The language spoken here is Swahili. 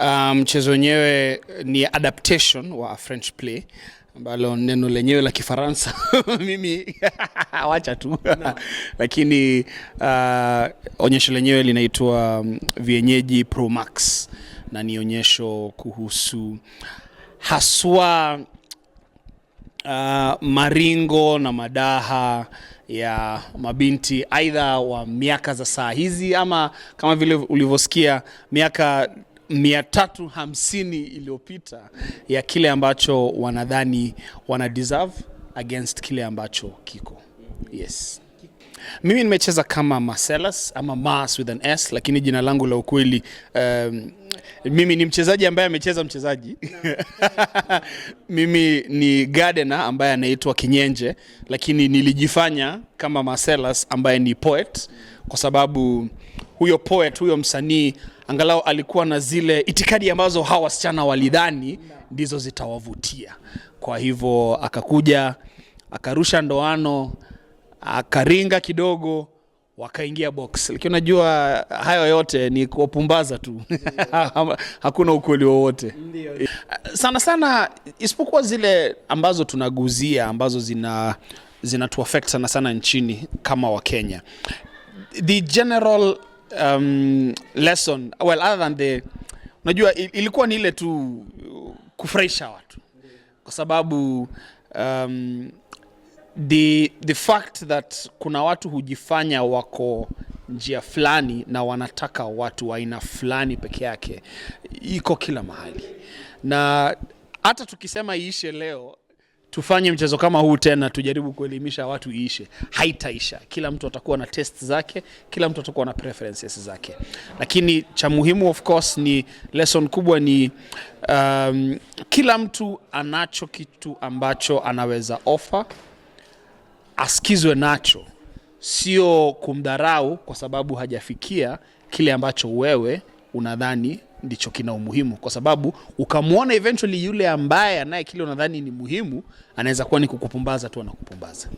Ah, mchezo um, wenyewe ni adaptation wa French play ambalo neno lenyewe la Kifaransa mimi wacha tu no. Lakini uh, onyesho lenyewe linaitwa mm, Vienyeji promax na ni onyesho kuhusu haswa uh, maringo na madaha ya mabinti aidha wa miaka za saa hizi ama kama vile ulivyosikia miaka 350 iliyopita ya kile ambacho wanadhani wana deserve against kile ambacho kiko. Yes. Mimi nimecheza kama Marcellus ama Mars with an S, lakini jina langu la ukweli um, mimi ni mchezaji ambaye amecheza mchezaji mimi ni gardener ambaye anaitwa Kinyenje, lakini nilijifanya kama Marcellus ambaye ni poet, kwa sababu huyo poet, huyo msanii angalau alikuwa na zile itikadi ambazo hawa wasichana walidhani ndizo zitawavutia. Kwa hivyo akakuja akarusha ndoano, akaringa kidogo, wakaingia box. Lakini unajua hayo yote ni kuwapumbaza tu hakuna ukweli wowote sana sana, isipokuwa zile ambazo tunaguzia ambazo zina zinatuaffect sana sana nchini kama Wakenya, the general um, lesson well other than the, unajua ilikuwa ni ile tu kufurahisha watu kwa sababu um, the, the fact that kuna watu hujifanya wako njia fulani na wanataka watu wa aina fulani peke yake iko kila mahali, na hata tukisema iishe leo tufanye mchezo kama huu tena, tujaribu kuelimisha watu iishe. Haitaisha, kila mtu atakuwa na test zake, kila mtu atakuwa na preferences zake, lakini cha muhimu of course ni lesson kubwa ni um, kila mtu anacho kitu ambacho anaweza offer, askizwe nacho, sio kumdharau kwa sababu hajafikia kile ambacho wewe unadhani ndicho kina umuhimu, kwa sababu ukamwona eventually yule ambaye anaye kile unadhani ni muhimu, anaweza kuwa ni kukupumbaza tu, anakupumbaza.